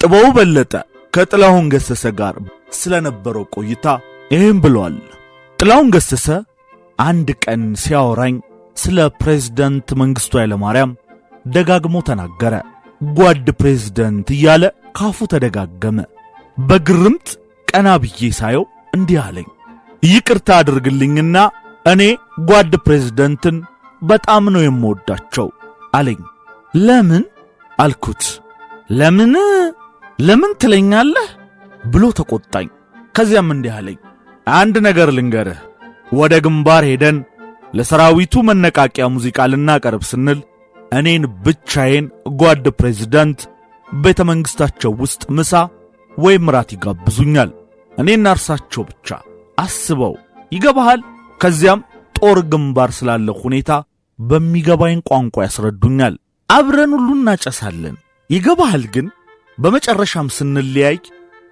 ጥበቡ በለጠ ከጥላሁን ገሰሰ ጋር ስለነበረው ቆይታ ይህም ብሏል። ጥላሁን ገሰሰ አንድ ቀን ሲያወራኝ ስለ ፕሬዝደንት መንግሥቱ ኃይለማርያም ደጋግሞ ተናገረ። ጓድ ፕሬዝደንት እያለ ካፉ ተደጋገመ። በግርምት ቀና ብዬ ሳየው እንዲህ አለኝ፣ ይቅርታ አድርግልኝና እኔ ጓድ ፕሬዝደንትን በጣም ነው የምወዳቸው አለኝ። ለምን አልኩት። ለምን ለምን ትለኛለህ ብሎ ተቆጣኝ። ከዚያም እንዲህ አለኝ፣ አንድ ነገር ልንገርህ። ወደ ግንባር ሄደን ለሰራዊቱ መነቃቂያ ሙዚቃ ልናቀርብ ስንል እኔን ብቻዬን ጓድ ፕሬዚዳንት ቤተ መንግሥታቸው ውስጥ ምሳ ወይም ራት ይጋብዙኛል። እኔና እርሳቸው ብቻ አስበው፣ ይገባሃል። ከዚያም ጦር ግንባር ስላለው ሁኔታ በሚገባኝ ቋንቋ ያስረዱኛል። አብረን ሁሉ እናጨሳለን። ይገባሃል ግን በመጨረሻም ስንለያይ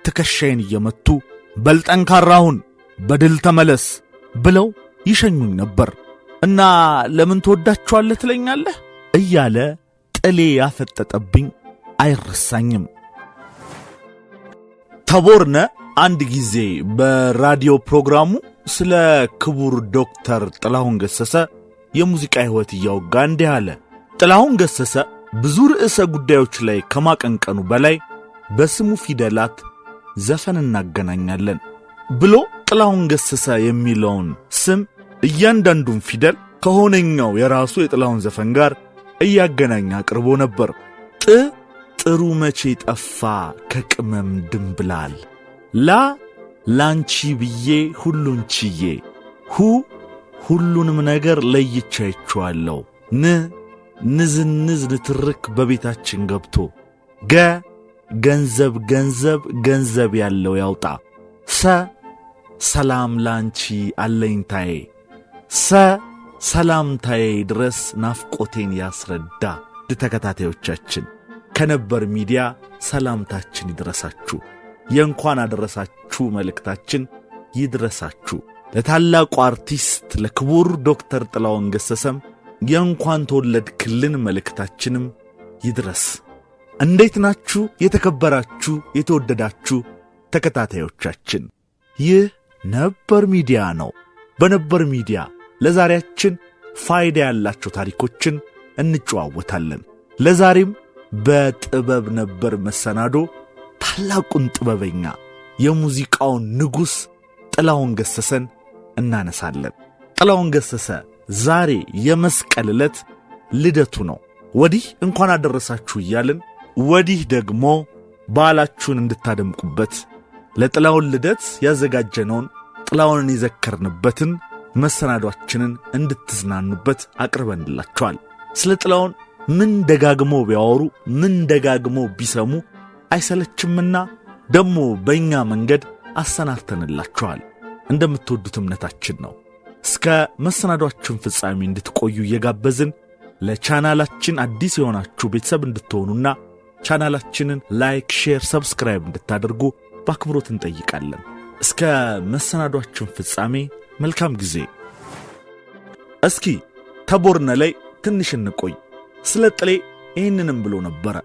ትከሻዬን እየመቱ በል ጠንካራ ሁን፣ በድል ተመለስ ብለው ይሸኙኝ ነበር እና ለምን ትወዳችኋለህ ትለኛለህ እያለ ጥሌ ያፈጠጠብኝ አይረሳኝም። ተቦርነ አንድ ጊዜ በራዲዮ ፕሮግራሙ ስለ ክቡር ዶክተር ጥላሁን ገሰሰ የሙዚቃ ሕይወት እያወጋ እንዲህ አለ። ጥላሁን ገሰሰ ብዙ ርዕሰ ጉዳዮች ላይ ከማቀንቀኑ በላይ በስሙ ፊደላት ዘፈን እናገናኛለን ብሎ ጥላሁን ገሰሰ የሚለውን ስም እያንዳንዱን ፊደል ከሆነኛው የራሱ የጥላሁን ዘፈን ጋር እያገናኘ አቅርቦ ነበር። ጥ ጥሩ መቼ ጠፋ ከቅመም ድንብላል ላ ላንቺ ብዬ ሁሉን ችዬ ሁ ሁሉንም ነገር ለይቻይችዋለሁ። ን ንዝንዝ ንትርክ በቤታችን ገብቶ ገ ገንዘብ ገንዘብ ገንዘብ ያለው ያውጣ። ሰ ሰላም ላንቺ አለኝታዬ ሰ ሰላምታዬ ድረስ ናፍቆቴን ያስረዳ። ተከታታዮቻችን ከነበር ሚዲያ ሰላምታችን ይድረሳችሁ። የእንኳን አደረሳችሁ መልእክታችን ይድረሳችሁ። ለታላቁ አርቲስት ለክቡር ዶክተር ጥላውን ገሰሰም የእንኳን ተወለድ ክልን መልእክታችንም ይድረስ። እንዴት ናችሁ? የተከበራችሁ የተወደዳችሁ ተከታታዮቻችን፣ ይህ ነበር ሚዲያ ነው። በነበር ሚዲያ ለዛሬያችን ፋይዳ ያላቸው ታሪኮችን እንጨዋወታለን። ለዛሬም በጥበብ ነበር መሰናዶ ታላቁን ጥበበኛ የሙዚቃውን ንጉሥ ጥላውን ገሰሰን እናነሳለን። ጥላውን ገሰሰ ዛሬ የመስቀል ዕለት ልደቱ ነው። ወዲህ እንኳን አደረሳችሁ እያልን ወዲህ ደግሞ በዓላችሁን እንድታደምቁበት ለጥላውን ልደት ያዘጋጀነውን ጥላውንን የዘከርንበትን መሰናዷችንን እንድትዝናኑበት አቅርበንላችኋል። ስለ ጥላውን ምን ደጋግሞ ቢያወሩ ምን ደጋግሞ ቢሰሙ አይሰለችምና ደግሞ በእኛ መንገድ አሰናድተንላችኋል። እንደምትወዱት እምነታችን ነው። እስከ መሰናዷችን ፍጻሜ እንድትቆዩ እየጋበዝን ለቻናላችን አዲስ የሆናችሁ ቤተሰብ እንድትሆኑና ቻናላችንን ላይክ፣ ሼር፣ ሰብስክራይብ እንድታደርጉ በአክብሮት እንጠይቃለን። እስከ መሰናዷችን ፍጻሜ መልካም ጊዜ። እስኪ ተቦርነ ላይ ትንሽ እንቆይ። ስለ ጥሌ ይህንንም ብሎ ነበረ።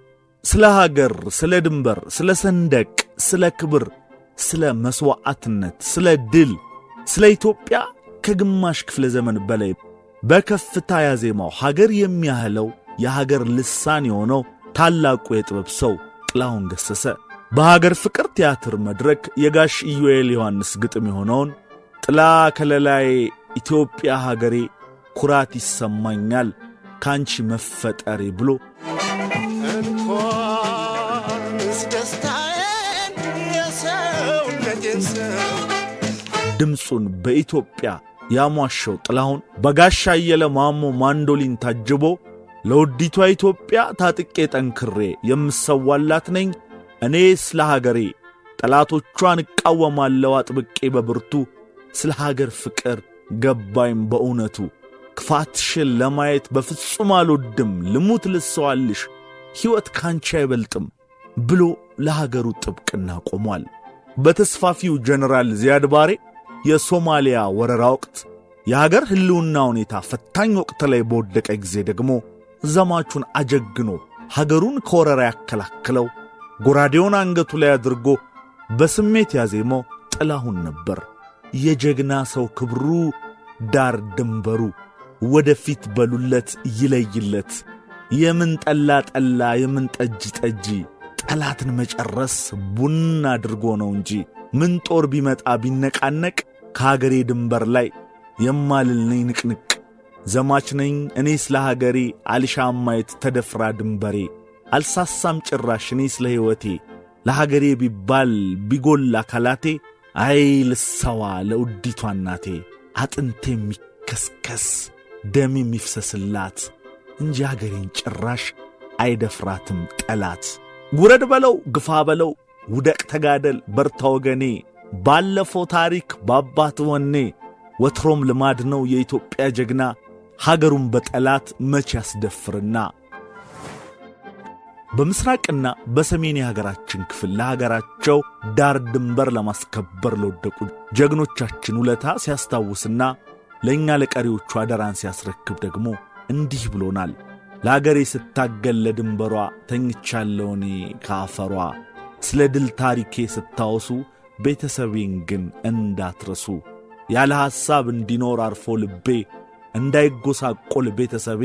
ስለ ሀገር፣ ስለ ድንበር፣ ስለ ሰንደቅ፣ ስለ ክብር ስለ መሥዋዕትነት፣ ስለ ድል፣ ስለ ኢትዮጵያ ከግማሽ ክፍለ ዘመን በላይ በከፍታ ያዜማው ሀገር የሚያህለው የሀገር ልሳን የሆነው ታላቁ የጥበብ ሰው ጥላሁን ገሠሠ በሀገር ፍቅር ቲያትር መድረክ የጋሽ ኢዮኤል ዮሐንስ ግጥም የሆነውን ጥላ ከለላይ ኢትዮጵያ ሀገሬ ኩራት ይሰማኛል ካንቺ መፈጠሬ ብሎ ድምፁን በኢትዮጵያ ያሟሸው ጥላሁን በጋሻ አየለ ማሞ ማንዶሊን ታጅቦ ለውዲቷ ኢትዮጵያ ታጥቄ ጠንክሬ የምሰዋላት ነኝ እኔ ስለ ሀገሬ ጠላቶቿን እቃወማለሁ አጥብቄ በብርቱ ስለ ሀገር ፍቅር ገባይም በእውነቱ ክፋትሽን ለማየት በፍጹም አልወድም ልሙት ልሰዋልሽ ሕይወት ካንቺ አይበልጥም ብሎ ለሀገሩ ጥብቅና ቆሟል። በተስፋፊው ጀነራል ዚያድ ባሬ የሶማሊያ ወረራ ወቅት የሀገር ሕልውና ሁኔታ ፈታኝ ወቅት ላይ በወደቀ ጊዜ ደግሞ ዘማቹን አጀግኖ ሀገሩን ከወረራ ያከላክለው ጎራዴውን አንገቱ ላይ አድርጎ በስሜት ያዜመው ጥላሁን ነበር። የጀግና ሰው ክብሩ ዳር ድንበሩ ወደፊት በሉለት ይለይለት፣ የምን ጠላ ጠላ፣ የምን ጠጅ ጠጂ፣ ጠላትን መጨረስ ቡና አድርጎ ነው እንጂ ምን ጦር ቢመጣ ቢነቃነቅ ከሀገሬ ድንበር ላይ የማልል ነኝ ንቅንቅ ዘማች ነኝ እኔ ስለ ሀገሬ አልሻም ማየት ተደፍራ ድንበሬ አልሳሳም ጭራሽ እኔ ስለ ሕይወቴ ለሀገሬ ቢባል ቢጎል አካላቴ አይ ልሰዋ ለውዲቷ እናቴ አጥንቴ የሚከስከስ ደም የሚፍሰስላት እንጂ አገሬን ጭራሽ አይደፍራትም ጠላት። ጉረድ በለው ግፋ በለው ውደቅ ተጋደል በርታ ወገኔ ባለፈው ታሪክ በአባት ወኔ ወትሮም ልማድ ነው የኢትዮጵያ ጀግና ሀገሩን በጠላት መቼ ያስደፍርና። በምስራቅና በሰሜን የሀገራችን ክፍል ለሀገራቸው ዳር ድንበር ለማስከበር ለወደቁ ጀግኖቻችን ውለታ ሲያስታውስና ለእኛ ለቀሪዎቹ አደራን ሲያስረክብ ደግሞ እንዲህ ብሎናል። ለአገሬ ስታገል ለድንበሯ ተኝቻለሁ እኔ ከአፈሯ ስለ ድል ታሪኬ ስታወሱ ቤተሰቤን ግን እንዳትረሱ። ያለ ሐሳብ እንዲኖር አርፎ ልቤ እንዳይጎሳቆል ቤተሰቤ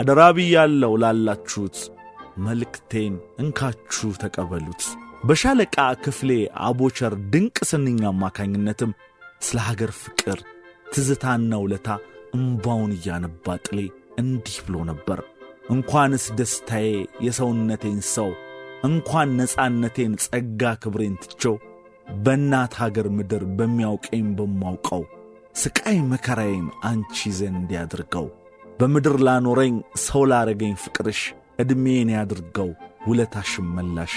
አደራቢ ያለው ላላችሁት መልእክቴን እንካችሁ ተቀበሉት። በሻለቃ ክፍሌ አቦቸር ድንቅ ስንኛ አማካኝነትም ስለ ሀገር ፍቅር ትዝታና ውለታ እምባውን እያነባ ጥሌ እንዲህ ብሎ ነበር። እንኳንስ ደስታዬ የሰውነቴን ሰው እንኳን ነፃነቴን ጸጋ ክብሬን ትቸው በእናት ሀገር ምድር በሚያውቀኝ በማውቀው ስቃይ መከራዬን አንቺ ዘንድ ያድርገው። በምድር ላኖረኝ ሰው ላረገኝ ፍቅርሽ ዕድሜን ያድርገው ውለታሽም መላሽ።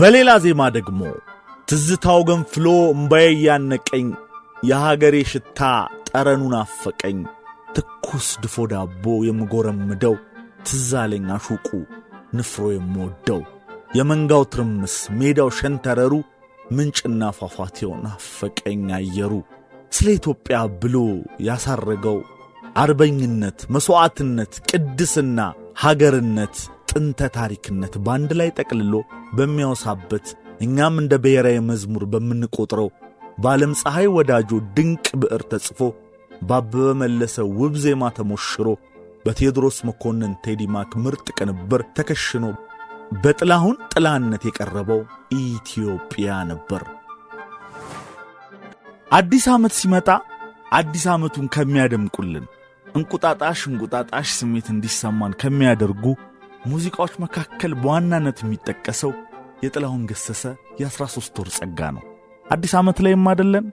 በሌላ ዜማ ደግሞ ትዝታው ገንፍሎ እምባዬ እያነቀኝ የሀገሬ ሽታ ጠረኑን አፈቀኝ ትኩስ ድፎ ዳቦ የምጎረምደው ትዛለኝ አሹቁ ንፍሮ የምወደው የመንጋው ትርምስ፣ ሜዳው ሸንተረሩ፣ ምንጭና ፏፏቴው ናፈቀኝ አየሩ። ስለ ኢትዮጵያ ብሎ ያሳረገው አርበኝነት፣ መሥዋዕትነት፣ ቅድስና፣ ሀገርነት፣ ጥንተ ታሪክነት በአንድ ላይ ጠቅልሎ በሚያወሳበት እኛም እንደ ብሔራዊ መዝሙር በምንቆጥረው በዓለም ፀሐይ ወዳጆ ድንቅ ብዕር ተጽፎ በአበበ መለሰ ውብ ዜማ ተሞሽሮ በቴዎድሮስ መኮንን ቴዲማክ ምርጥ ቅንብር ተከሽኖ በጥላሁን ጥላነት የቀረበው ኢትዮጵያ ነበር። አዲስ ዓመት ሲመጣ አዲስ ዓመቱን ከሚያደምቁልን እንቁጣጣሽ እንቁጣጣሽ ስሜት እንዲሰማን ከሚያደርጉ ሙዚቃዎች መካከል በዋናነት የሚጠቀሰው የጥላሁን ገሰሰ የ13 ወር ጸጋ ነው። አዲስ ዓመት ላይም አደለን፣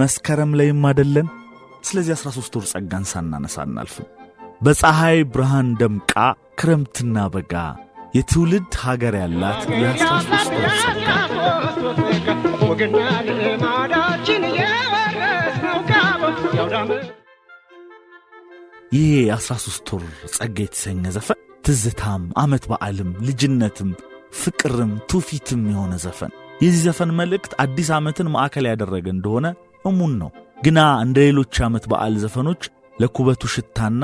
መስከረም ላይም አደለን። ስለዚህ 13 ወር ጸጋን ሳናነሳ አናልፍም። በፀሐይ ብርሃን ደምቃ ክረምትና በጋ የትውልድ ሀገር ያላት ይህ የአስራ ሦስት ወር ጸጋ የተሰኘ ዘፈን ትዝታም፣ ዓመት በዓልም፣ ልጅነትም፣ ፍቅርም ትውፊትም የሆነ ዘፈን። የዚህ ዘፈን መልእክት አዲስ ዓመትን ማዕከል ያደረገ እንደሆነ እሙን ነው። ግና እንደ ሌሎች የዓመት በዓል ዘፈኖች ለኩበቱ ሽታና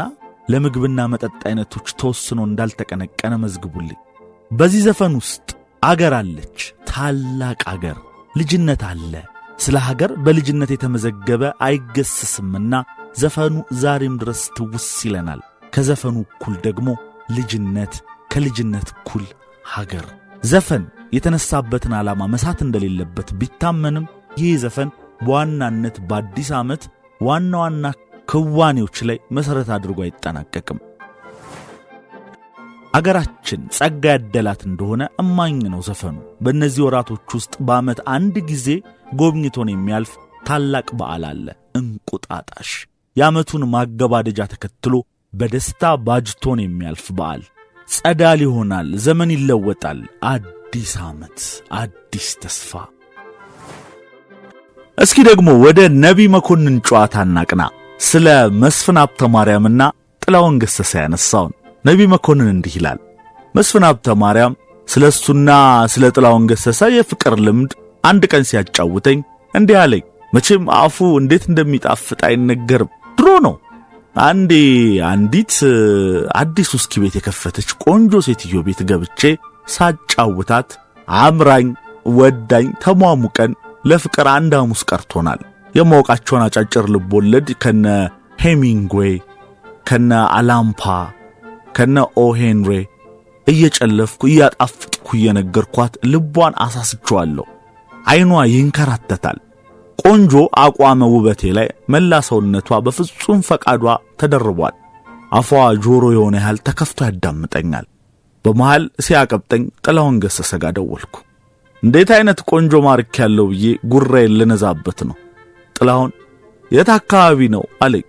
ለምግብና መጠጥ አይነቶች ተወስኖ እንዳልተቀነቀነ መዝግቡልኝ። በዚህ ዘፈን ውስጥ አገር አለች፣ ታላቅ አገር፣ ልጅነት አለ። ስለ ሀገር በልጅነት የተመዘገበ አይገሰስምና ዘፈኑ ዛሬም ድረስ ትውስ ይለናል። ከዘፈኑ እኩል ደግሞ ልጅነት፣ ከልጅነት እኩል ሀገር። ዘፈን የተነሳበትን ዓላማ መሳት እንደሌለበት ቢታመንም ይህ ዘፈን በዋናነት በአዲስ ዓመት ዋና ዋና ክዋኔዎች ላይ መሠረት አድርጎ አይጠናቀቅም። አገራችን ጸጋ ያደላት እንደሆነ እማኝ ነው ዘፈኑ። በእነዚህ ወራቶች ውስጥ በዓመት አንድ ጊዜ ጎብኝቶን የሚያልፍ ታላቅ በዓል አለ፣ እንቁጣጣሽ። የዓመቱን ማገባደጃ ተከትሎ በደስታ ባጅቶን የሚያልፍ በዓል ጸዳል ይሆናል። ዘመን ይለወጣል። አዲስ ዓመት፣ አዲስ ተስፋ። እስኪ ደግሞ ወደ ነቢይ መኮንን ጨዋታ እናቅና። ስለ መስፍን ሀብተ ማርያምና ጥላውን ገሰሰ ያነሳውን ነቢ መኮንን እንዲህ ይላል። መስፍን ሀብተ ማርያም ስለ እሱና ስለ ጥላውን ገሰሰ የፍቅር ልምድ አንድ ቀን ሲያጫውተኝ እንዲህ አለኝ። መቼም አፉ እንዴት እንደሚጣፍጥ አይነገርም። ድሮ ነው አንዴ አንዲት አዲስ ውስኪ ቤት የከፈተች ቆንጆ ሴትዮ ቤት ገብቼ ሳጫውታት አምራኝ ወዳኝ ተሟሙቀን ለፍቅር አንድ ሐሙስ ቀርቶናል። የማወቃቸውን አጫጭር ልቦለድ ከነ ሄሚንግዌይ ከነ አላምፓ ከነ ኦሄንሬ እየጨለፍኩ እያጣፍጥኩ እየነገርኳት ልቧን አሳስቸዋለሁ። ዐይኗ ይንከራተታል። ቆንጆ አቋመ ውበቴ ላይ መላ ሰውነቷ በፍጹም ፈቃዷ ተደርቧል። አፏ ጆሮ የሆነ ያህል ተከፍቶ ያዳምጠኛል። በመሃል ሲያቀብጠኝ ጥላውን ገሰሰ ጋር ደወልኩ። እንዴት አይነት ቆንጆ ማርክ ያለው ብዬ ጉራዬን ልነዛበት ነው። ጥላሁን የት አካባቢ ነው አለኝ።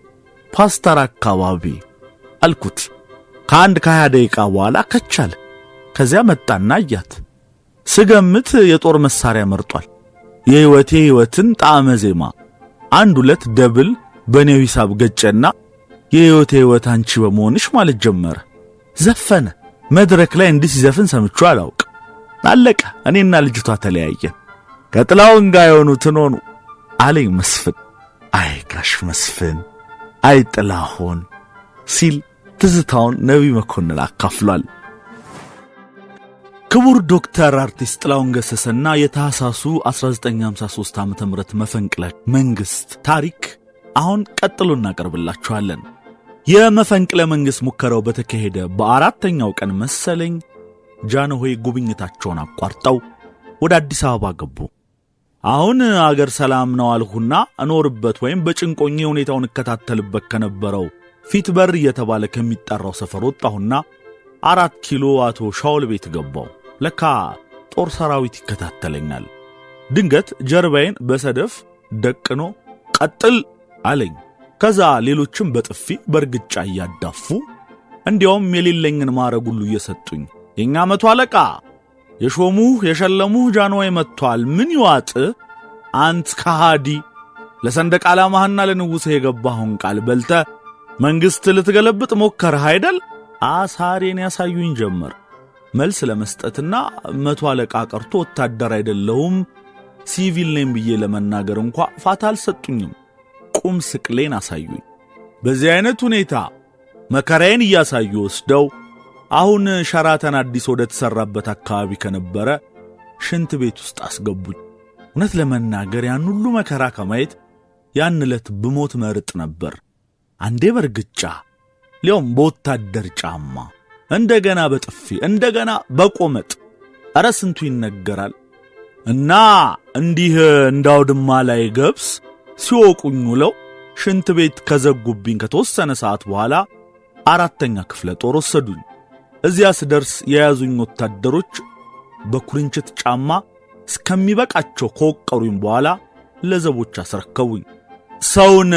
ፓስተር አካባቢ አልኩት። ከአንድ ከሀያ ደቂቃ በኋላ ከቻለ። ከዚያ መጣና ያት ስገምት የጦር መሳሪያ መርጧል። የሕይወቴ ሕይወትን ጣዕመ ዜማ አንድ ሁለት ደብል በእኔው ሂሳብ ገጨና የሕይወቴ ሕይወት አንቺ በመሆንሽ ማለት ጀመረ። ዘፈነ። መድረክ ላይ እንዲህ ሲዘፍን ሰምቹ አላውቅ። አለቀ። እኔና ልጅቷ ተለያየን። ከጥላውን ጋር የሆኑትን ሆኑ። አለኝ መስፍን። አይ ጋሽ መስፍን፣ አይ ጥላሁን ሲል ትዝታውን ነቢይ መኮንን አካፍሏል። ክቡር ዶክተር አርቲስት ጥላሁን ገሰሰና የታህሳሱ 1953 ዓ ም መፈንቅለ መንግሥት ታሪክ አሁን ቀጥሎ እናቀርብላችኋለን። የመፈንቅለ መንግሥት ሙከራው በተካሄደ በአራተኛው ቀን መሰለኝ ጃንሆይ ጉብኝታቸውን አቋርጠው ወደ አዲስ አበባ ገቡ። አሁን አገር ሰላም ነው አልሁና እኖርበት ወይም በጭንቆኝ ሁኔታውን እከታተልበት ከነበረው ፊት በር እየተባለ ከሚጠራው ሰፈር ወጣሁና አራት ኪሎ አቶ ሻውል ቤት ገባው። ለካ ጦር ሰራዊት ይከታተለኛል። ድንገት ጀርባዬን በሰደፍ ደቅኖ ቀጥል አለኝ። ከዛ ሌሎችም በጥፊ በእርግጫ እያዳፉ እንዲያውም የሌለኝን ማረግ ሁሉ እየሰጡኝ የእኛ መቶ አለቃ የሾሙህ የሸለሙህ ጃንሆይ መጥቷል። ምን ይዋጥ አንት ከሃዲ ለሰንደቅ ዓላማህና ለንጉሥህ የገባኸውን ቃል በልተ መንግሥት ልትገለብጥ ሞከርህ አይደል? አሳሬን ያሳዩኝ ጀመር። መልስ ለመስጠትና መቶ አለቃ ቀርቶ ወታደር አይደለሁም ሲቪል ነኝ ብዬ ለመናገር እንኳ ፋታ አልሰጡኝም። ቁም ስቅሌን አሳዩኝ። በዚህ አይነት ሁኔታ መከራዬን እያሳዩ ወስደው አሁን ሸራተን አዲስ ወደ ተሠራበት አካባቢ ከነበረ ሽንት ቤት ውስጥ አስገቡኝ። እውነት ለመናገር ያን ሁሉ መከራ ከማየት ያን ዕለት ብሞት መርጥ ነበር። አንዴ በርግጫ ሊያውም በወታደር ጫማ፣ እንደገና በጥፊ፣ እንደገና በቆመጥ ኧረ ስንቱ ይነገራል። እና እንዲህ እንዳውድማ ላይ ገብስ ሲወቁኝ ውለው ሽንት ቤት ከዘጉብኝ ከተወሰነ ሰዓት በኋላ አራተኛ ክፍለ ጦር ወሰዱኝ። እዚያ ስደርስ የያዙኝ ወታደሮች በኩርንችት ጫማ እስከሚበቃቸው ከወቀሩኝ በኋላ ለዘቦች አስረከቡኝ። ሰውን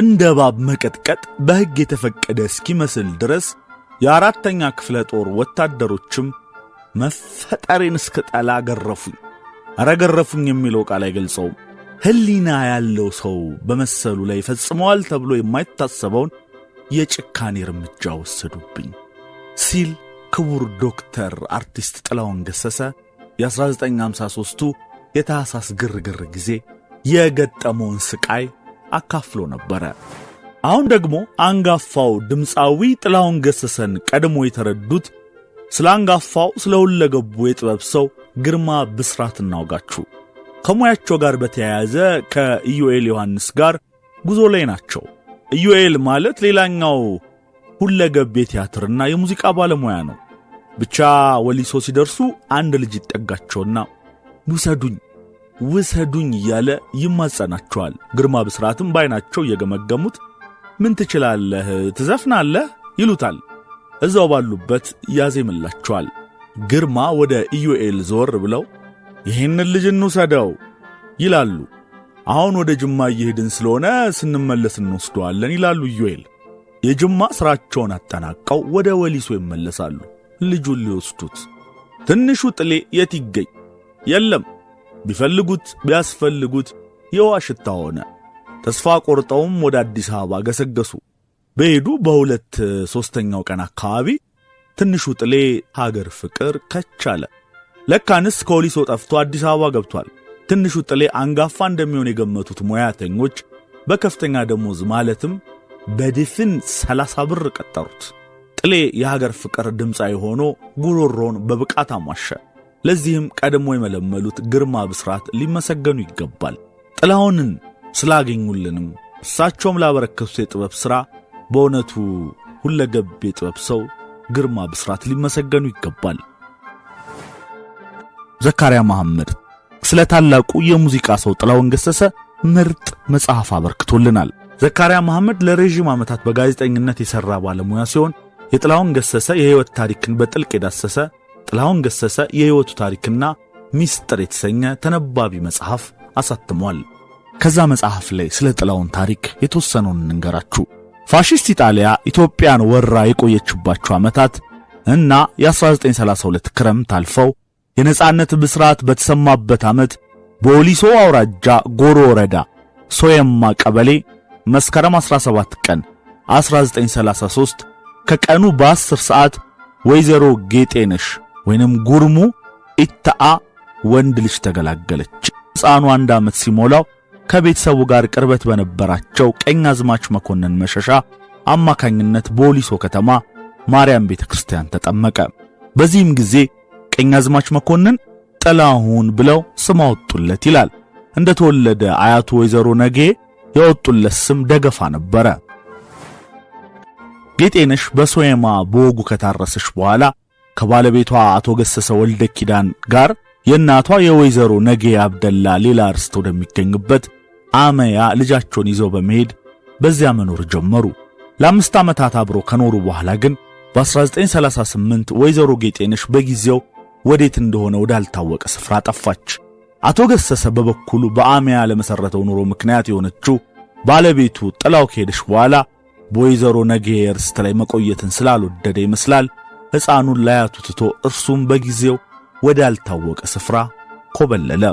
እንደ እባብ መቀጥቀጥ በሕግ የተፈቀደ እስኪመስል ድረስ የአራተኛ ክፍለ ጦር ወታደሮችም መፈጠሬን እስከ ጠላ ገረፉኝ። እረ ገረፉኝ የሚለው ቃል አይገልጸውም። ሕሊና ያለው ሰው በመሰሉ ላይ ፈጽመዋል ተብሎ የማይታሰበውን የጭካኔ እርምጃ ወሰዱብኝ። ሲል ክቡር ዶክተር አርቲስት ጥላውን ገሰሰ የ1953ቱ የታህሳስ ግርግር ጊዜ የገጠመውን ስቃይ አካፍሎ ነበረ። አሁን ደግሞ አንጋፋው ድምፃዊ ጥላውን ገሰሰን ቀድሞ የተረዱት ስለ አንጋፋው ስለ ሁለገቡ የጥበብ ሰው ግርማ ብስራት እናውጋችሁ። ከሙያቸው ጋር በተያያዘ ከኢዮኤል ዮሐንስ ጋር ጉዞ ላይ ናቸው። ኢዮኤል ማለት ሌላኛው ሁለገብ የቲያትርና የሙዚቃ ባለሙያ ነው። ብቻ ወሊሶ ሲደርሱ አንድ ልጅ ይጠጋቸውና ውሰዱኝ ውሰዱኝ እያለ ይማጸናቸዋል። ግርማ ብስራትም ባይናቸው እየገመገሙት ምን ትችላለህ፣ ትዘፍናለህ ይሉታል። እዛው ባሉበት ያዜምላቸዋል። ግርማ ወደ ኢዩኤል ዞር ብለው ይህን ልጅ እንውሰደው ይላሉ። አሁን ወደ ጅማ እየሄድን ስለሆነ ስንመለስ እንወስደዋለን ይላሉ ኢዩኤል። የጅማ ሥራቸውን አጠናቀው ወደ ወሊሶ ይመለሳሉ ልጁን ሊወስዱት። ትንሹ ጥሌ የት ይገኝ? የለም። ቢፈልጉት ቢያስፈልጉት የውሃ ሽታ ሆነ። ተስፋ ቆርጠውም ወደ አዲስ አበባ ገሰገሱ። በሄዱ በሁለት ሦስተኛው ቀን አካባቢ ትንሹ ጥሌ ሀገር ፍቅር ከች አለ። ለካንስ ከወሊሶ ጠፍቶ አዲስ አበባ ገብቷል። ትንሹ ጥሌ አንጋፋ እንደሚሆን የገመቱት ሙያተኞች በከፍተኛ ደሞዝ ማለትም በድፍን 30 ብር ቀጠሩት። ጥሌ የሀገር ፍቅር ድምፃዊ ሆኖ ጉሮሮን በብቃት አሟሸ። ለዚህም ቀድሞ የመለመሉት ግርማ ብስራት ሊመሰገኑ ይገባል። ጥላሁንን ስላገኙልንም እሳቸውም ላበረከቱት የጥበብ ሥራ በእውነቱ ሁለገብ የጥበብ ሰው ግርማ ብስራት ሊመሰገኑ ይገባል። ዘካርያ መሐመድ ስለ ታላቁ የሙዚቃ ሰው ጥላሁን ገሰሰ ምርጥ መጽሐፍ አበርክቶልናል። ዘካሪያ መሐመድ ለረዥም ዓመታት በጋዜጠኝነት የሠራ ባለሙያ ሲሆን የጥላሁን ገሰሰ የሕይወት ታሪክን በጥልቅ የዳሰሰ ጥላሁን ገሰሰ የሕይወቱ ታሪክና ሚስጥር የተሰኘ ተነባቢ መጽሐፍ አሳትሟል። ከዛ መጽሐፍ ላይ ስለ ጥላሁን ታሪክ የተወሰነውን እንንገራችሁ። ፋሺስት ኢጣሊያ ኢትዮጵያን ወራ የቆየችባቸው ዓመታት እና የ1932 ክረምት አልፈው የነጻነት ብስራት በተሰማበት ዓመት በኦሊሶ አውራጃ ጎሮ ወረዳ ሶየማ ቀበሌ መስከረም 17 ቀን 1933 ከቀኑ በ10 ሰዓት ወይዘሮ ጌጤነሽ ወይንም ጉርሙ ኢታአ ወንድ ልጅ ተገላገለች። ሕፃኑ አንድ ዓመት ሲሞላው ከቤተሰቡ ጋር ቅርበት በነበራቸው አዝማች መኮንን መሸሻ አማካኝነት ቦሊሶ ከተማ ማርያም ቤተ ክርስቲያን ተጠመቀ። በዚህም ጊዜ አዝማች መኮንን ጥላሁን ብለው ስም አወጡለት ይላል። እንደተወለደ አያቱ ወይዘሮ ነጌ ያወጡለት ስም ደገፋ ነበረ። ጌጤነሽ በሶየማ በወጉ ከታረሰች በኋላ ከባለቤቷ አቶ ገሰሰ ወልደ ኪዳን ጋር የእናቷ የወይዘሮ ነገ አብደላ ሌላ አርስቶ ወደሚገኝበት አመያ ልጃቸውን ይዘው በመሄድ በዚያ መኖር ጀመሩ። ለአምስት ዓመታት አብሮ ከኖሩ በኋላ ግን በ1938 ወይዘሮ ጌጤነሽ በጊዜው ወዴት እንደሆነ ወዳልታወቀ ስፍራ ጠፋች። አቶ ገሰሰ በበኩሉ በአሚያ ለመሰረተው ኑሮ ምክንያት የሆነችው ባለቤቱ ጥላው ከሄደች በኋላ በወይዘሮ ነገ እርስት ላይ መቆየትን ስላልወደደ ይመስላል ሕፃኑን ላያቱ ትቶ እርሱም በጊዜው ወዳልታወቀ ስፍራ ኮበለለ።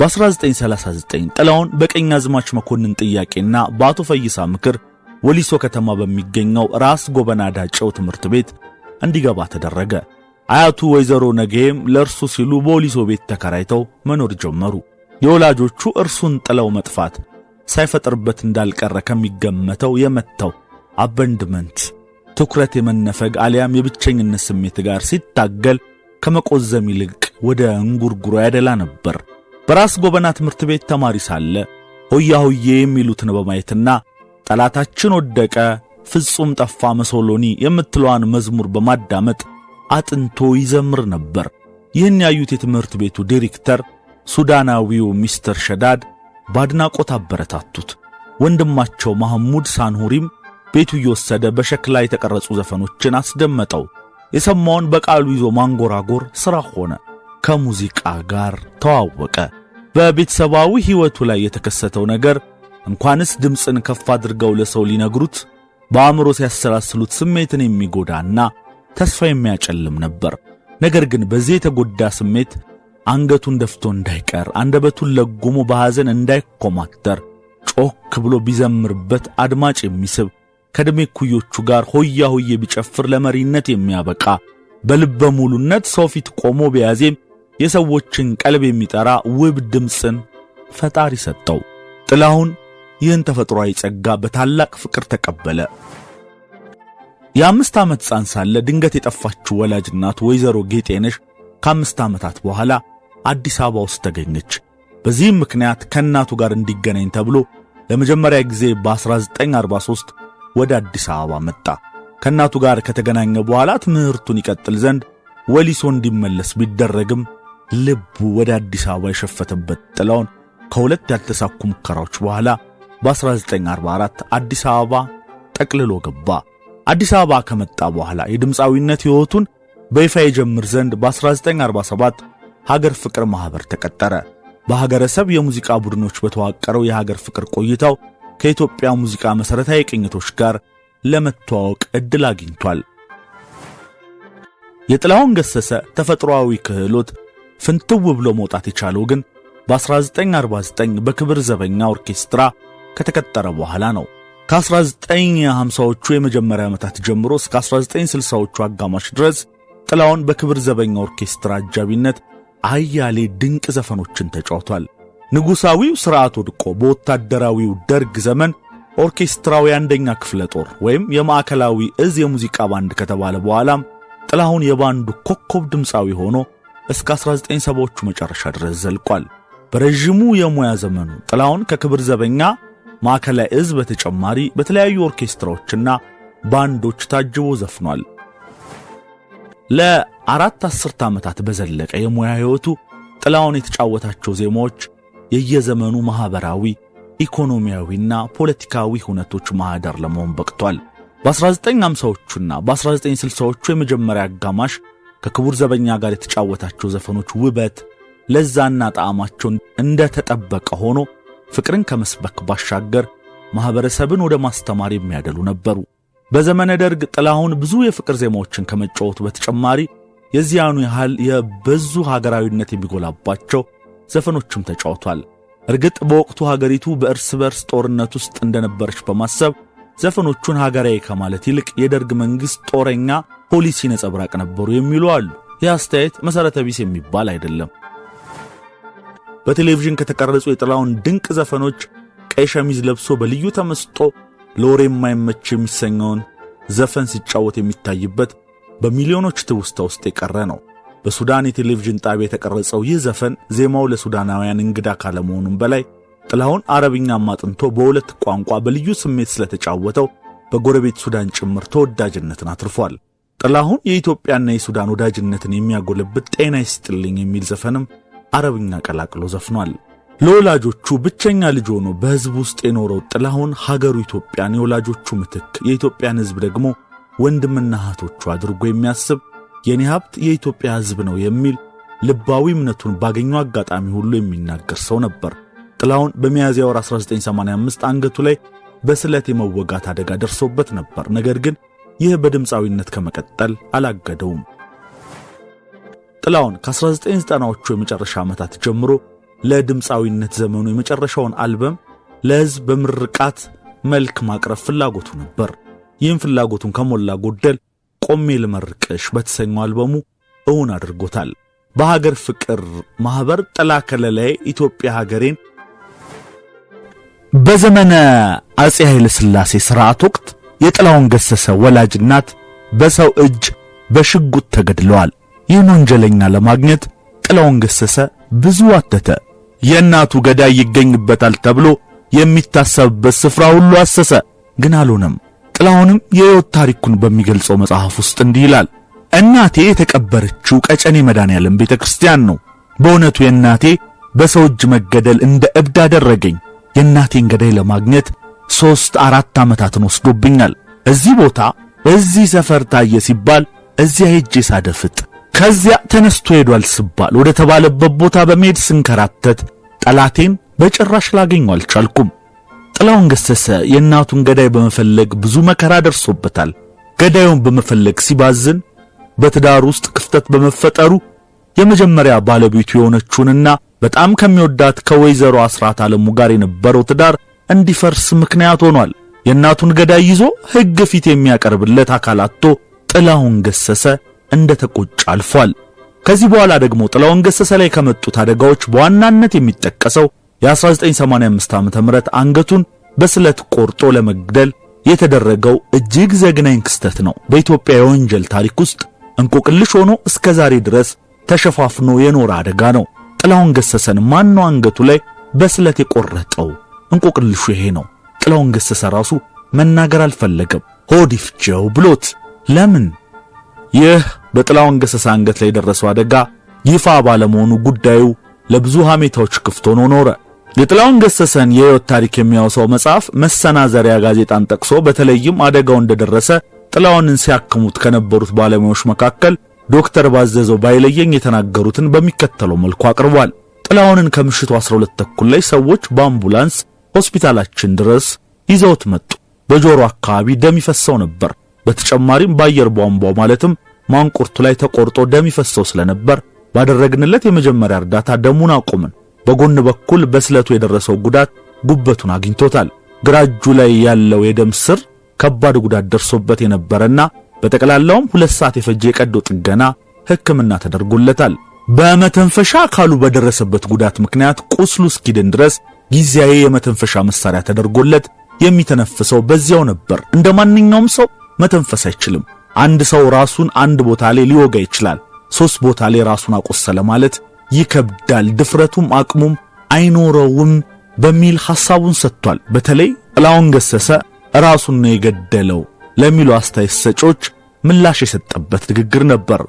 በ1939 ጥላውን በቀኝ አዝማች መኮንን ጥያቄና በአቶ ፈይሳ ምክር ወሊሶ ከተማ በሚገኘው ራስ ጎበና ዳጨው ትምህርት ቤት እንዲገባ ተደረገ። አያቱ ወይዘሮ ነገም ለእርሱ ሲሉ በወሊሶ ቤት ተከራይተው መኖር ጀመሩ። የወላጆቹ እርሱን ጥለው መጥፋት ሳይፈጥርበት እንዳልቀረ ከሚገመተው የመተው አበንድመንት ትኩረት የመነፈግ አሊያም የብቸኝነት ስሜት ጋር ሲታገል ከመቆዘም ይልቅ ወደ እንጉርጉሮ ያደላ ነበር። በራስ ጎበና ትምህርት ቤት ተማሪ ሳለ ሆያ ሆዬ የሚሉትን በማየትና ጠላታችን ወደቀ፣ ፍጹም ጠፋ መሶሎኒ የምትለዋን መዝሙር በማዳመጥ አጥንቶ ይዘምር ነበር። ይህን ያዩት የትምህርት ቤቱ ዲሬክተር ሱዳናዊው ሚስተር ሸዳድ በአድናቆት አበረታቱት። ወንድማቸው ማህሙድ ሳንሁሪም ቤቱ እየወሰደ በሸክላ የተቀረጹ ዘፈኖችን አስደመጠው። የሰማውን በቃሉ ይዞ ማንጎራጎር ሥራ ሆነ። ከሙዚቃ ጋር ተዋወቀ። በቤተሰባዊ ሕይወቱ ላይ የተከሰተው ነገር እንኳንስ ድምፅን ከፍ አድርገው ለሰው ሊነግሩት በአእምሮ ሲያሰላስሉት ስሜትን የሚጎዳና ተስፋ የሚያጨልም ነበር። ነገር ግን በዚህ የተጎዳ ስሜት አንገቱን ደፍቶ እንዳይቀር፣ አንደበቱን ለጉሞ በሐዘን እንዳይኮማተር ጮክ ብሎ ቢዘምርበት አድማጭ የሚስብ ከዕድሜ ኩዮቹ ጋር ሆያ ሆዬ ቢጨፍር ለመሪነት የሚያበቃ በልበ ሙሉነት ሰው ፊት ቆሞ ቢያዜም የሰዎችን ቀልብ የሚጠራ ውብ ድምፅን ፈጣሪ ሰጠው። ጥላሁን ይህን ተፈጥሯዊ ጸጋ በታላቅ ፍቅር ተቀበለ። የአምስት ዓመት ሕፃን ሳለ ድንገት የጠፋችው ወላጅ እናቱ ወይዘሮ ጌጤነሽ ከአምስት ዓመታት በኋላ አዲስ አበባ ውስጥ ተገኘች። በዚህም ምክንያት ከእናቱ ጋር እንዲገናኝ ተብሎ ለመጀመሪያ ጊዜ በ1943 ወደ አዲስ አበባ መጣ። ከእናቱ ጋር ከተገናኘ በኋላ ትምህርቱን ይቀጥል ዘንድ ወሊሶ እንዲመለስ ቢደረግም ልቡ ወደ አዲስ አበባ የሸፈተበት ጥላውን ከሁለት ያልተሳኩ ሙከራዎች በኋላ በ1944 አዲስ አበባ ጠቅልሎ ገባ። አዲስ አበባ ከመጣ በኋላ የድምፃዊነት ሕይወቱን በይፋ የጀምር ዘንድ በ1947 ሀገር ፍቅር ማኅበር ተቀጠረ። በሀገረሰብ የሙዚቃ ቡድኖች በተዋቀረው የሀገር ፍቅር ቆይታው ከኢትዮጵያ ሙዚቃ መሠረታዊ ቅኝቶች ጋር ለመተዋወቅ ዕድል አግኝቷል። የጥላሁን ገሰሰ ተፈጥሮአዊ ክህሎት ፍንትው ብሎ መውጣት የቻለው ግን በ1949 በክብር ዘበኛ ኦርኬስትራ ከተቀጠረ በኋላ ነው። ከ1950ዎቹ የመጀመሪያ ዓመታት ጀምሮ እስከ 1960ዎቹ አጋማሽ ድረስ ጥላውን በክብር ዘበኛ ኦርኬስትራ አጃቢነት አያሌ ድንቅ ዘፈኖችን ተጫውቷል። ንጉሣዊው ሥርዓት ወድቆ በወታደራዊው ደርግ ዘመን ኦርኬስትራው የአንደኛ ክፍለ ጦር ወይም የማዕከላዊ እዝ የሙዚቃ ባንድ ከተባለ በኋላም ጥላሁን የባንዱ ኮከብ ድምፃዊ ሆኖ እስከ 1970ዎቹ መጨረሻ ድረስ ዘልቋል። በረዥሙ የሙያ ዘመኑ ጥላሁን ከክብር ዘበኛ ማዕከላዊ እዝ በተጨማሪ በተለያዩ ኦርኬስትራዎችና ባንዶች ታጅቦ ዘፍኗል። ለአራት አስርት ዓመታት በዘለቀ የሙያ ሕይወቱ ጥላውን የተጫወታቸው ዜማዎች የየዘመኑ ማኅበራዊ ኢኮኖሚያዊና ፖለቲካዊ ሁነቶች ማኅደር ለመሆን በቅቷል። በ1950ዎቹና በ1960ዎቹ የመጀመሪያ አጋማሽ ከክቡር ዘበኛ ጋር የተጫወታቸው ዘፈኖች ውበት፣ ለዛና ጣዕማቸውን እንደተጠበቀ ሆኖ ፍቅርን ከመስበክ ባሻገር ማህበረሰብን ወደ ማስተማር የሚያደሉ ነበሩ። በዘመነ ደርግ ጥላሁን ብዙ የፍቅር ዜማዎችን ከመጫወቱ በተጨማሪ የዚያኑ ያህል የብዙ ሀገራዊነት የሚጎላባቸው ዘፈኖችም ተጫውቷል። እርግጥ በወቅቱ ሀገሪቱ በእርስ በርስ ጦርነት ውስጥ እንደነበረች በማሰብ ዘፈኖቹን ሀገራዊ ከማለት ይልቅ የደርግ መንግሥት ጦረኛ ፖሊሲ ነጸብራቅ ነበሩ የሚሉ አሉ። ይህ አስተያየት መሠረተ ቢስ የሚባል አይደለም። በቴሌቪዥን ከተቀረጹ የጥላሁን ድንቅ ዘፈኖች ቀይ ሸሚዝ ለብሶ በልዩ ተመስጦ ለወሬ የማይመች የሚሰኘውን ዘፈን ሲጫወት የሚታይበት በሚሊዮኖች ትውስታ ውስጥ የቀረ ነው። በሱዳን የቴሌቪዥን ጣቢያ የተቀረጸው ይህ ዘፈን ዜማው ለሱዳናውያን እንግዳ ካለመሆኑም በላይ ጥላሁን አረብኛ አጥንቶ በሁለት ቋንቋ በልዩ ስሜት ስለተጫወተው በጎረቤት ሱዳን ጭምር ተወዳጅነትን አትርፏል። ጥላሁን የኢትዮጵያና የሱዳን ወዳጅነትን የሚያጎለብት ጤና ይስጥልኝ የሚል ዘፈንም አረብኛ ቀላቅሎ ዘፍኗል። ለወላጆቹ ብቸኛ ልጅ ሆኖ በሕዝብ ውስጥ የኖረው ጥላሁን ሀገሩ ኢትዮጵያን የወላጆቹ ምትክ፣ የኢትዮጵያን ሕዝብ ደግሞ ወንድምና እህቶቹ አድርጎ የሚያስብ የኔ ሀብት የኢትዮጵያ ሕዝብ ነው የሚል ልባዊ እምነቱን ባገኙ አጋጣሚ ሁሉ የሚናገር ሰው ነበር። ጥላሁን በሚያዝያ ወር 1985 አንገቱ ላይ በስለት የመወጋት አደጋ ደርሶበት ነበር። ነገር ግን ይህ በድምፃዊነት ከመቀጠል አላገደውም። ጥላውን ከ1990ዎቹ የመጨረሻ ዓመታት ጀምሮ ለድምፃዊነት ዘመኑ የመጨረሻውን አልበም ለሕዝብ በምርቃት መልክ ማቅረብ ፍላጎቱ ነበር። ይህም ፍላጎቱን ከሞላ ጎደል ቆሜ ልመርቅሽ በተሰኘው አልበሙ እውን አድርጎታል። በሀገር ፍቅር ማኅበር ጥላ ከለላዬ ኢትዮጵያ ሀገሬን በዘመነ አፄ ኃይለ ሥላሴ ሥርዓት ወቅት የጥላውን ገሰሰ ወላጅ እናት በሰው እጅ በሽጉጥ ተገድለዋል። ይህን ወንጀለኛ ለማግኘት ጥላውን ገሰሰ ብዙ አተተ። የእናቱ ገዳይ ይገኝበታል ተብሎ የሚታሰብበት ስፍራ ሁሉ አሰሰ፣ ግን አልሆነም። ጥላሁንም የሕይወት ታሪኩን በሚገልጸው መጽሐፍ ውስጥ እንዲህ ይላል። እናቴ የተቀበረችው ቀጨኔ መድኃኔዓለም ቤተ ክርስቲያን ነው። በእውነቱ የእናቴ በሰው እጅ መገደል እንደ እብድ አደረገኝ። የእናቴን ገዳይ ለማግኘት ሦስት አራት ዓመታትን ወስዶብኛል። እዚህ ቦታ እዚህ ሰፈር ታየ ሲባል እዚያ ሄጄ ሳደፍጥ ከዚያ ተነስቶ ሄዷል ስባል ወደ ተባለበት ቦታ በመሄድ ስንከራተት ጠላቴን በጭራሽ ላገኘው አልቻልኩም። ጥላውን ገሰሰ የእናቱን ገዳይ በመፈለግ ብዙ መከራ ደርሶበታል። ገዳዩን በመፈለግ ሲባዝን በትዳር ውስጥ ክፍተት በመፈጠሩ የመጀመሪያ ባለቤቱ የሆነችውንና በጣም ከሚወዳት ከወይዘሮ አስራት ዓለሙ ጋር የነበረው ትዳር እንዲፈርስ ምክንያት ሆኗል። የእናቱን ገዳይ ይዞ ሕግ ፊት የሚያቀርብለት አካል አጥቶ ገሰሰ ተቆጭ አልፏል። ከዚህ በኋላ ደግሞ ጥላሁን ገሰሰ ላይ ከመጡት አደጋዎች በዋናነት የሚጠቀሰው የ1985 ዓ.ም አንገቱን በስለት ቆርጦ ለመግደል የተደረገው እጅግ ዘግናኝ ክስተት ነው። በኢትዮጵያ የወንጀል ታሪክ ውስጥ እንቆቅልሽ ሆኖ እስከ ዛሬ ድረስ ተሸፋፍኖ የኖረ አደጋ ነው። ጥላሁን ገሰሰን ማን ነው አንገቱ ላይ በስለት የቆረጠው? እንቆቅልሹ ይሄ ነው። ጥላሁን ገሰሰ ራሱ መናገር አልፈለገም። ሆድ ይፍጀው ብሎት ለምን ይህ በጥላውን ገሰሰ አንገት ላይ የደረሰው አደጋ ይፋ ባለመሆኑ ጉዳዩ ለብዙ ሐሜታዎች ክፍት ሆኖ ኖረ። የጥላውን ገሰሰን የህይወት ታሪክ የሚያወሳው መጽሐፍ መሰናዘሪያ ጋዜጣን ጠቅሶ በተለይም አደጋው እንደደረሰ ጥላውንን ሲያክሙት ከነበሩት ባለሙያዎች መካከል ዶክተር ባዘዘው ባይለየኝ የተናገሩትን በሚከተለው መልኩ አቅርቧል። ጥላሁንን ከምሽቱ 12 ተኩል ላይ ሰዎች በአምቡላንስ ሆስፒታላችን ድረስ ይዘውት መጡ። በጆሮ አካባቢ ደም ይፈሰው ነበር። በተጨማሪም በአየር ቧንቧ ማለትም ማንቁርቱ ላይ ተቆርጦ ደም ይፈሰው ስለነበር ባደረግንለት የመጀመሪያ እርዳታ ደሙን አቆምን። በጎን በኩል በስለቱ የደረሰው ጉዳት ጉበቱን አግኝቶታል። ግራ እጁ ላይ ያለው የደም ስር ከባድ ጉዳት ደርሶበት የነበረና በጠቅላላውም ሁለት ሰዓት የፈጀ የቀዶ ጥገና ሕክምና ተደርጎለታል። በመተንፈሻ አካሉ በደረሰበት ጉዳት ምክንያት ቁስሉ እስኪድን ድረስ ጊዜያዊ የመተንፈሻ መሳሪያ ተደርጎለት የሚተነፍሰው በዚያው ነበር እንደ ማንኛውም ሰው መተንፈስ አይችልም። አንድ ሰው ራሱን አንድ ቦታ ላይ ሊወጋ ይችላል። ሶስት ቦታ ላይ ራሱን አቆሰለ ማለት ይከብዳል፣ ድፍረቱም አቅሙም አይኖረውም በሚል ሐሳቡን ሰጥቷል። በተለይ ጥላውን ገሰሰ ራሱን ነው የገደለው ለሚሉ አስተያየት ሰጪዎች ምላሽ የሰጠበት ንግግር ነበር።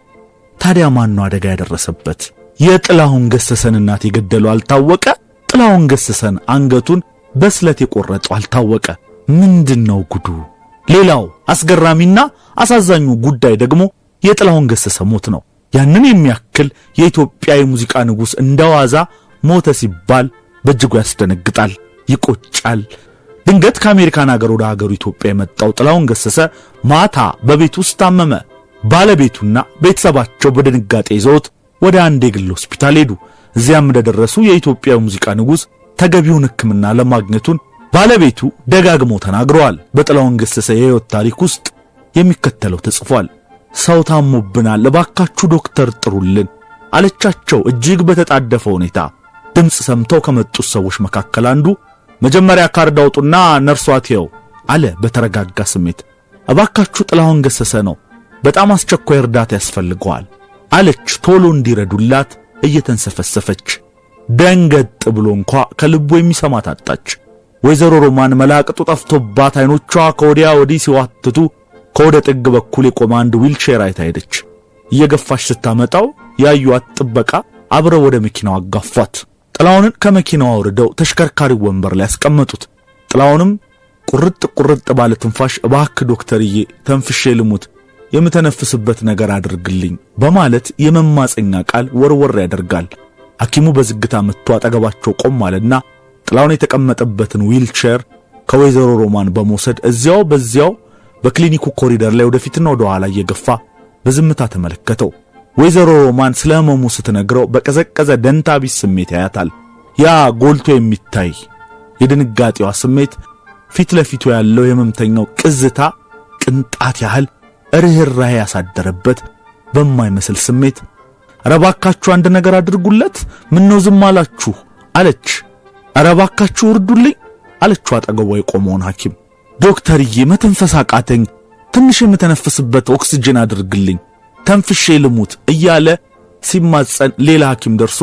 ታዲያ ማን ነው አደጋ ያደረሰበት? የጥላሁን ገሰሰን እናት የገደለው አልታወቀ። ጥላሁን ገሰሰን አንገቱን በስለት የቆረጠው አልታወቀ። ምንድነው ጉዱ? ሌላው አስገራሚና አሳዛኙ ጉዳይ ደግሞ የጥላሁን ገሰሰ ሞት ነው። ያንን የሚያክል የኢትዮጵያ የሙዚቃ ንጉሥ እንደዋዛ ሞተ ሲባል በእጅጉ ያስደነግጣል፣ ይቆጫል። ድንገት ከአሜሪካን ሀገር ወደ ሀገሩ ኢትዮጵያ የመጣው ጥላሁን ገሰሰ ማታ በቤቱ ውስጥ ታመመ። ባለቤቱና ቤተሰባቸው በድንጋጤ ይዘውት ወደ አንድ የግል ሆስፒታል ሄዱ። እዚያም እንደደረሱ የኢትዮጵያ ሙዚቃ ንጉሥ ተገቢውን ሕክምና ለማግኘቱን ባለቤቱ ደጋግሞ ተናግረዋል። በጥላሁን ገሰሰ የህይወት ታሪክ ውስጥ የሚከተለው ተጽፏል። ሰው ታሞብናል፣ እባካችሁ ዶክተር ጥሩልን አለቻቸው። እጅግ በተጣደፈ ሁኔታ ድምፅ ሰምተው ከመጡት ሰዎች መካከል አንዱ መጀመሪያ ካርድ አውጡና ነርሷት ይኸው አለ በተረጋጋ ስሜት። እባካችሁ ጥላሁን ገሰሰ ነው፣ በጣም አስቸኳይ እርዳታ ያስፈልገዋል አለች ቶሎ እንዲረዱላት እየተንሰፈሰፈች። ደንገጥ ብሎ እንኳ ከልቡ የሚሰማት አጣች። ወይዘሮ ሮማን መላቅጡ ጠፍቶባት አይኖቿ ከወዲያ ወዲህ ሲዋትቱ ከወደ ጥግ በኩል የቆመ አንድ ዊልቼር አይታ ሄደች። እየገፋች ስታመጣው ያዩዋት ጥበቃ አብረው ወደ መኪናው አጋፏት። ጥላውንን ከመኪናው አውርደው ተሽከርካሪው ወንበር ላይ አስቀመጡት። ጥላውንም ቁርጥ ቁርጥ ባለ ትንፋሽ እባክህ ዶክተርዬ ተንፍሼ ልሙት የምተነፍስበት ነገር አድርግልኝ በማለት የመማፀኛ ቃል ወርወር ያደርጋል። ሐኪሙ በዝግታ መጥቶ አጠገባቸው ቆም አለና ጥላውን የተቀመጠበትን ዊልቸር ከወይዘሮ ሮማን በመውሰድ እዚያው በዚያው በክሊኒኩ ኮሪደር ላይ ወደፊትና ወደ ኋላ እየገፋ በዝምታ ተመለከተው። ወይዘሮ ሮማን ስለ ህመሙ ስትነግረው በቀዘቀዘ ደንታቢስ ስሜት ያያታል። ያ ጎልቶ የሚታይ የድንጋጤዋ ስሜት ፊት ለፊቱ ያለው የህመምተኛው ቅዝታ ቅንጣት ያህል ርኅራህ ያሳደረበት በማይመስል ስሜት ረባካችሁ አንድ ነገር አድርጉለት፣ ምን ነው ዝም አላችሁ አለች። አረባካችሁ እርዱልኝ አለችው አጠገቧ የቆመውን ሐኪም። ዶክተርዬ መተንፈስ አቃተኝ፣ ትንሽ የምተነፍስበት ኦክስጅን አድርግልኝ፣ ተንፍሼ ልሙት እያለ ሲማጸን ሌላ ሐኪም ደርሶ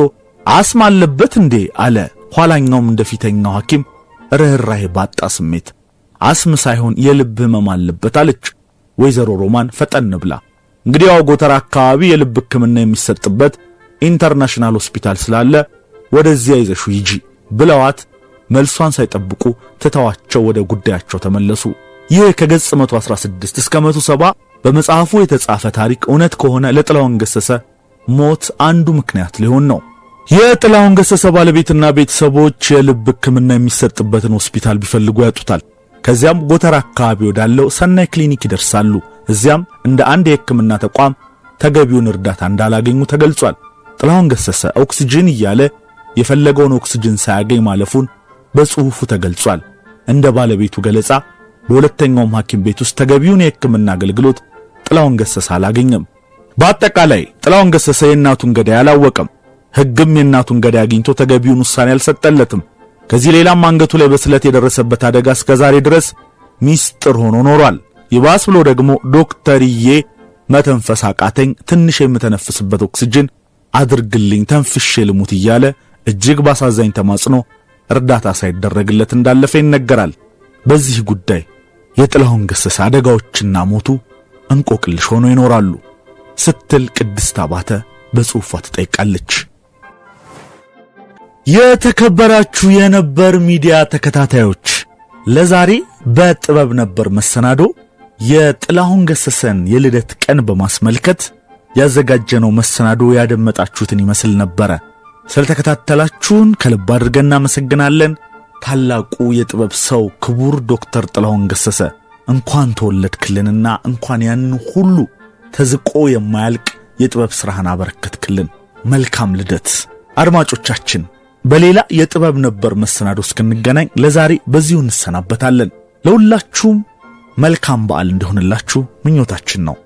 አስም አለበት እንዴ አለ። ኋላኛውም እንደፊተኛው ሐኪም ርኅራሄ ባጣ ስሜት አስም ሳይሆን የልብ ህመም አለበት አለች። ወይዘሮ ሮማን ፈጠን ብላ እንግዲያው ጎተራ አካባቢ የልብ ሕክምና የሚሰጥበት ኢንተርናሽናል ሆስፒታል ስላለ ወደዚያ ይዘሹ ይጂ ብለዋት መልሷን ሳይጠብቁ ትተዋቸው ወደ ጉዳያቸው ተመለሱ። ይህ ከገጽ 116 እስከ 170 በመጽሐፉ የተጻፈ ታሪክ እውነት ከሆነ ለጥላውን ገሰሰ ሞት አንዱ ምክንያት ሊሆን ነው። የጥላውን ገሰሰ ባለቤትና ቤተሰቦች የልብ ሕክምና የሚሰጥበትን ሆስፒታል ቢፈልጉ ያጡታል። ከዚያም ጎተራ አካባቢ ወዳለው ሰናይ ክሊኒክ ይደርሳሉ። እዚያም እንደ አንድ የሕክምና ተቋም ተገቢውን እርዳታ እንዳላገኙ ተገልጿል። ጥላሁን ገሰሰ ኦክስጂን እያለ የፈለገውን ኦክስጅን ሳያገኝ ማለፉን በጽሑፉ ተገልጿል። እንደ ባለቤቱ ገለጻ በሁለተኛውም ሐኪም ቤት ውስጥ ተገቢውን የሕክምና አገልግሎት ጥላውን ገሰሰ አላገኘም። በአጠቃላይ ጥላውን ገሰሰ የእናቱን ገዳይ አላወቀም። ሕግም የእናቱን ገዳይ አግኝቶ ተገቢውን ውሳኔ አልሰጠለትም። ከዚህ ሌላም አንገቱ ላይ በስለት የደረሰበት አደጋ እስከ ዛሬ ድረስ ሚስጥር ሆኖ ኖሯል። ይባስ ብሎ ደግሞ ዶክተርዬ መተንፈስ አቃተኝ፣ ትንሽ የምተነፍስበት ኦክስጅን አድርግልኝ፣ ተንፍሼ ልሙት እያለ እጅግ ባሳዛኝ ተማጽኖ እርዳታ ሳይደረግለት እንዳለፈ ይነገራል። በዚህ ጉዳይ የጥላሁን ገሰሰ አደጋዎችና ሞቱ እንቆቅልሽ ሆኖ ይኖራሉ ስትል ቅድስት አባተ በጽሑፏ ትጠይቃለች። የተከበራችሁ የነበር ሚዲያ ተከታታዮች ለዛሬ በጥበብ ነበር መሰናዶ የጥላሁን ገሰሰን የልደት ቀን በማስመልከት ያዘጋጀነው መሰናዶ ያደመጣችሁትን ይመስል ነበረ። ስለተከታተላችሁን ከልብ አድርገን እናመሰግናለን። ታላቁ የጥበብ ሰው ክቡር ዶክተር ጥላሁን ገሰሰ እንኳን ተወለድክልንና እንኳን ያን ሁሉ ተዝቆ የማያልቅ የጥበብ ሥራህን አበረከትክልን። መልካም ልደት። አድማጮቻችን በሌላ የጥበብ ነበር መሰናዶ እስክንገናኝ ለዛሬ በዚሁ እንሰናበታለን። ለሁላችሁም መልካም በዓል እንዲሆንላችሁ ምኞታችን ነው።